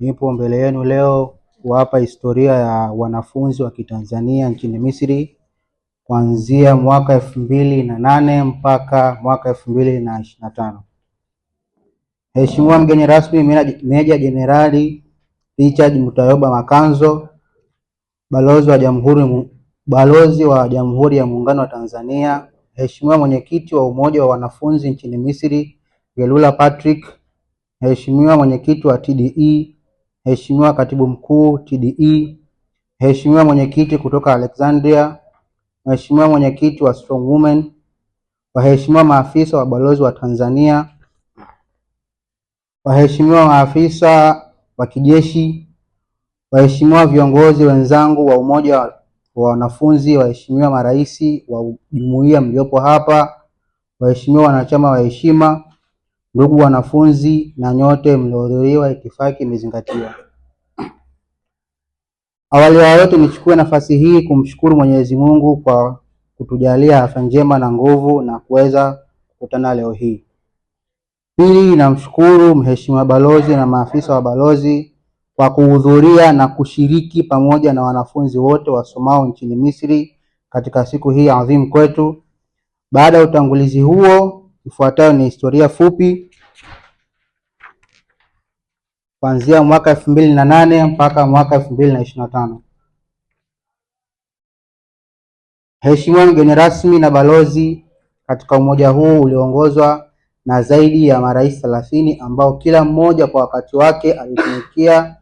Nipo mbele yenu leo kuwapa historia ya wanafunzi wa Kitanzania nchini Misri kuanzia mwaka elfu mbili na nane mpaka mwaka elfu mbili na ishirini na tano. Mheshimiwa mgeni rasmi, Meja Jenerali Richard Mutayoba Makanzo, balozi wa jamhuri balozi wa Jamhuri ya Muungano wa Tanzania. Mheshimiwa mwenyekiti wa Umoja wa Wanafunzi nchini Misri Gelula Patrick, Mheshimiwa mwenyekiti wa TDE Mheshimiwa Katibu Mkuu TDE, Mheshimiwa Mwenyekiti kutoka Alexandria, Mheshimiwa Mwenyekiti wa Strong Women, waheshimiwa maafisa wa balozi wa Tanzania, waheshimiwa maafisa wa kijeshi, waheshimiwa viongozi wenzangu wa Umoja wa Wanafunzi, waheshimiwa marais wa jumuiya mliopo hapa, waheshimiwa wanachama wa heshima Ndugu wanafunzi na nyote mliohudhuria, itifaki imezingatiwa. Awali ya yote, nichukue nafasi hii kumshukuru Mwenyezi Mungu kwa kutujalia afya njema na nguvu na kuweza kukutana leo hii. Pili, namshukuru Mheshimiwa Balozi na maafisa wa balozi kwa kuhudhuria na kushiriki pamoja na wanafunzi wote wasomao nchini Misri katika siku hii adhimu kwetu. Baada ya utangulizi huo, ifuatayo ni historia fupi kuanzia mwaka elfu mbili na nane mpaka mwaka elfu mbili na ishirini na tano. Heshima mgeni rasmi na balozi katika umoja huu ulioongozwa na zaidi ya marais thelathini ambao kila mmoja kwa wakati wake alitumikia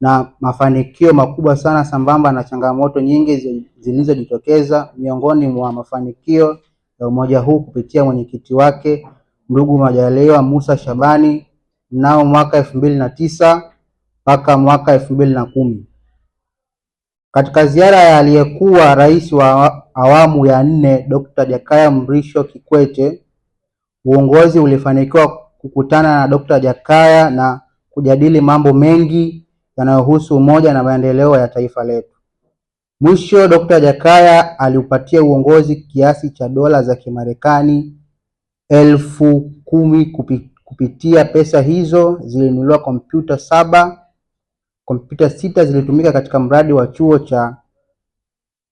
na mafanikio makubwa sana sambamba na changamoto nyingi zilizojitokeza. Miongoni mwa mafanikio ya umoja huu kupitia mwenyekiti wake ndugu Majaliwa Musa Shabani mnao mwaka elfu mbili na tisa mpaka mwaka elfu mbili na kumi katika ziara ya aliyekuwa rais wa awamu ya nne Dr. Jakaya Mrisho Kikwete, uongozi ulifanikiwa kukutana na d Jakaya na kujadili mambo mengi yanayohusu umoja na maendeleo ya taifa letu. Mwisho, Dr. Jakaya aliupatia uongozi kiasi cha dola za Kimarekani elfu kumi Kupitia pesa hizo zilinunuliwa kompyuta saba. Kompyuta sita zilitumika katika mradi wa chuo cha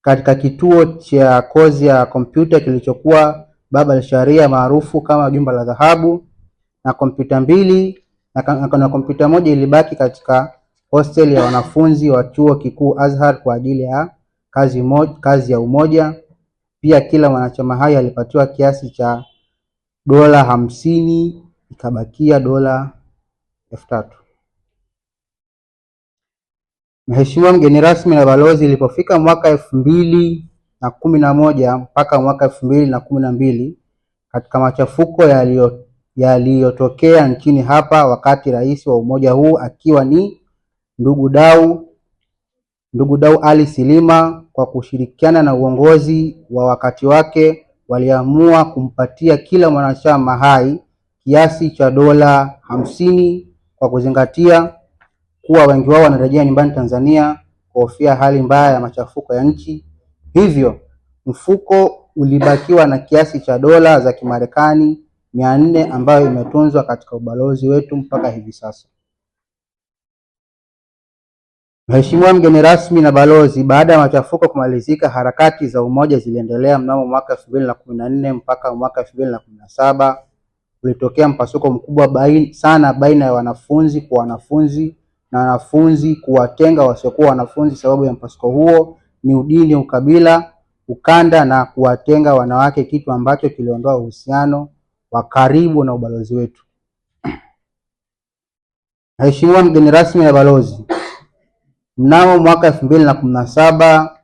katika kituo cha kozi ya kompyuta kilichokuwa Baba la sharia maarufu kama Jumba la Dhahabu, na kompyuta mbili na, na kompyuta moja ilibaki katika hostel ya wanafunzi wa chuo kikuu Azhar kwa ajili ya kazi, mo, kazi ya umoja. Pia kila mwanachama hai alipatiwa kiasi cha dola hamsini ikabakia dola elfu tatu. Mheshimiwa mgeni rasmi na balozi, ilipofika mwaka elfu mbili na kumi na moja mpaka mwaka elfu mbili na kumi na mbili katika machafuko yaliyotokea ya nchini hapa, wakati rais wa umoja huu akiwa ni ndugu Dau ndugu Dau Ali Silima, kwa kushirikiana na uongozi wa wakati wake waliamua kumpatia kila mwanachama hai kiasi cha dola hamsini kwa kuzingatia kuwa wengi wao wanarejea nyumbani Tanzania kuhofia hali mbaya ya machafuko ya nchi. Hivyo mfuko ulibakiwa na kiasi cha dola za Kimarekani mia nne ambayo imetunzwa katika ubalozi wetu mpaka hivi sasa. Mheshimiwa mgeni rasmi na balozi, baada ya machafuko kumalizika, harakati za umoja ziliendelea mnamo mwaka elfu mbili na kumi na nne mpaka mwaka elfu mbili na kumi na saba kulitokea mpasuko mkubwa bain, sana baina ya wanafunzi kwa wanafunzi na wanafunzi kuwatenga wasiokuwa wanafunzi. Sababu ya mpasuko huo ni udini, ukabila, ukanda na kuwatenga wanawake, kitu ambacho kiliondoa uhusiano wa karibu na ubalozi wetu. Mheshimiwa mgeni rasmi na balozi, mnamo mwaka elfu mbili na kumi na saba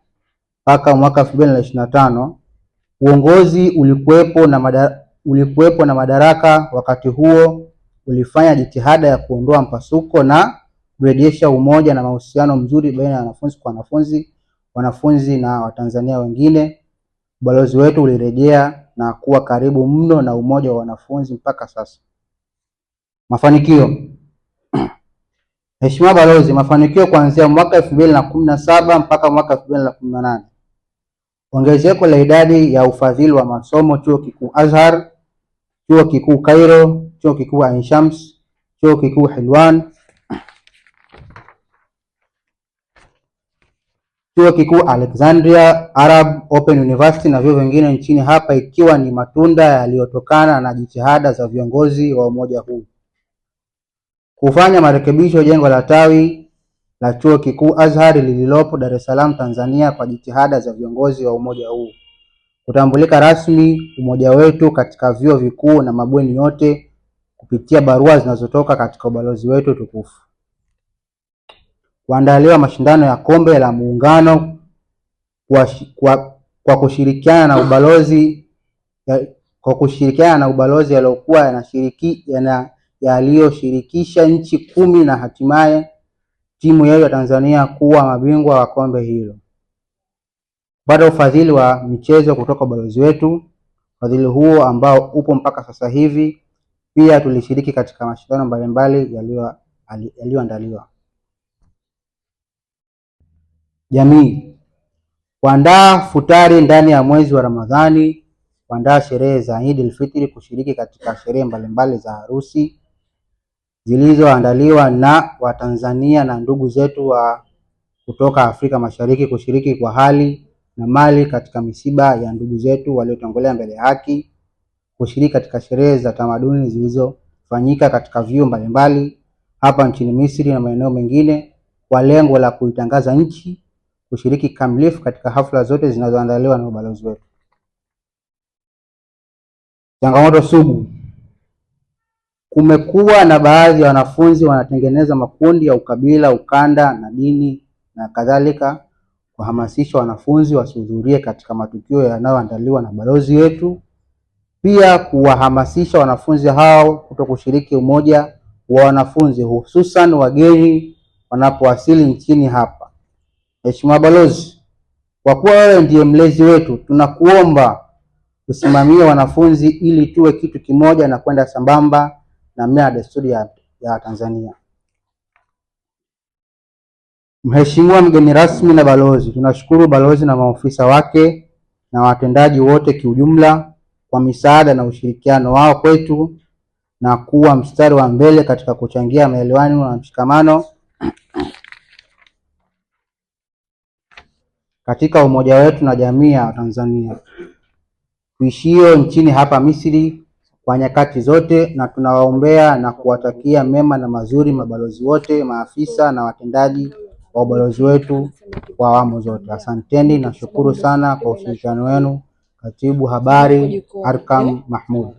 mpaka mwaka elfu mbili na ishirini na tano uongozi ulikuwepo na ulikuwepo na madaraka wakati huo ulifanya jitihada ya kuondoa mpasuko na kurejesha umoja na mahusiano mzuri baina ya wanafunzi kwa wanafunzi, wanafunzi na Watanzania wengine. Ubalozi wetu ulirejea na kuwa karibu mno na umoja wa wanafunzi mpaka sasa. Mafanikio. Mheshimiwa Balozi, mafanikio kuanzia mwaka elfu mbili na kumi na saba mpaka mwaka elfu mbili na kumi na nane ongezeko la idadi ya ufadhili wa masomo Chuo Kikuu Azhar chuo kikuu Cairo, chuo kikuu Ain Shams, chuo kikuu Hilwan, chuo kikuu Alexandria Arab Open University na vyuo vingine nchini hapa, ikiwa ni matunda yaliyotokana na jitihada za viongozi wa umoja huu. Kufanya marekebisho jengo la tawi la chuo kikuu Azhar lililopo Dar es Salaam, Tanzania, kwa jitihada za viongozi wa umoja huu. Kutambulika rasmi umoja wetu katika vyuo vikuu na mabweni yote kupitia barua zinazotoka katika ubalozi wetu tukufu. Kuandaliwa mashindano ya kombe la muungano kwa, kwa, kwa kushirikiana na ubalozi ya, kwa kushirikiana na ubalozi yaliyokuwa yanashiriki yaliyoshirikisha ya nchi kumi na hatimaye timu yetu ya Tanzania kuwa mabingwa wa kombe hilo baada ya ufadhili wa michezo kutoka ubalozi wetu, ufadhili huo ambao upo mpaka sasa hivi. Pia tulishiriki katika mashindano mbalimbali yaliyoandaliwa. Jamii kuandaa futari ndani ya mwezi wa Ramadhani, kuandaa sherehe za Eid al-Fitr, kushiriki katika sherehe mbalimbali za harusi zilizoandaliwa na Watanzania na ndugu zetu wa kutoka Afrika Mashariki, kushiriki kwa hali na mali katika misiba ya ndugu zetu waliotangulia mbele ya haki, kushiriki katika sherehe za tamaduni zilizofanyika katika vyuo mbalimbali hapa nchini Misri na maeneo mengine kwa lengo la kuitangaza nchi, kushiriki kamilifu katika hafla zote zinazoandaliwa na ubalozi wetu. Changamoto sugu. Kumekuwa na baadhi ya wanafunzi wanatengeneza makundi ya ukabila, ukanda na dini na kadhalika kuhamasisha wanafunzi wasihudhurie katika matukio yanayoandaliwa na balozi wetu, pia kuwahamasisha wanafunzi hao kuto kushiriki umoja wa wanafunzi hususan wageni wanapowasili nchini hapa. Mheshimiwa Balozi, kwa kuwa wewe ndiye mlezi wetu, tunakuomba kusimamia wanafunzi ili tuwe kitu kimoja na kwenda sambamba na mila na desturi ya, ya Tanzania. Mheshimiwa mgeni rasmi na balozi, tunashukuru balozi na maofisa wake na watendaji wote kiujumla kwa misaada na ushirikiano wao kwetu na kuwa mstari wa mbele katika kuchangia maelewano na mshikamano katika umoja wetu na jamii ya Tanzania tuishio nchini hapa Misri kwa nyakati zote, na tunawaombea na kuwatakia mema na mazuri mabalozi wote, maafisa na watendaji wa ubalozi wetu kwa awamu zote. Asanteni, nashukuru sana kwa ushirikiano wenu. Katibu Habari Arkam Mahmud.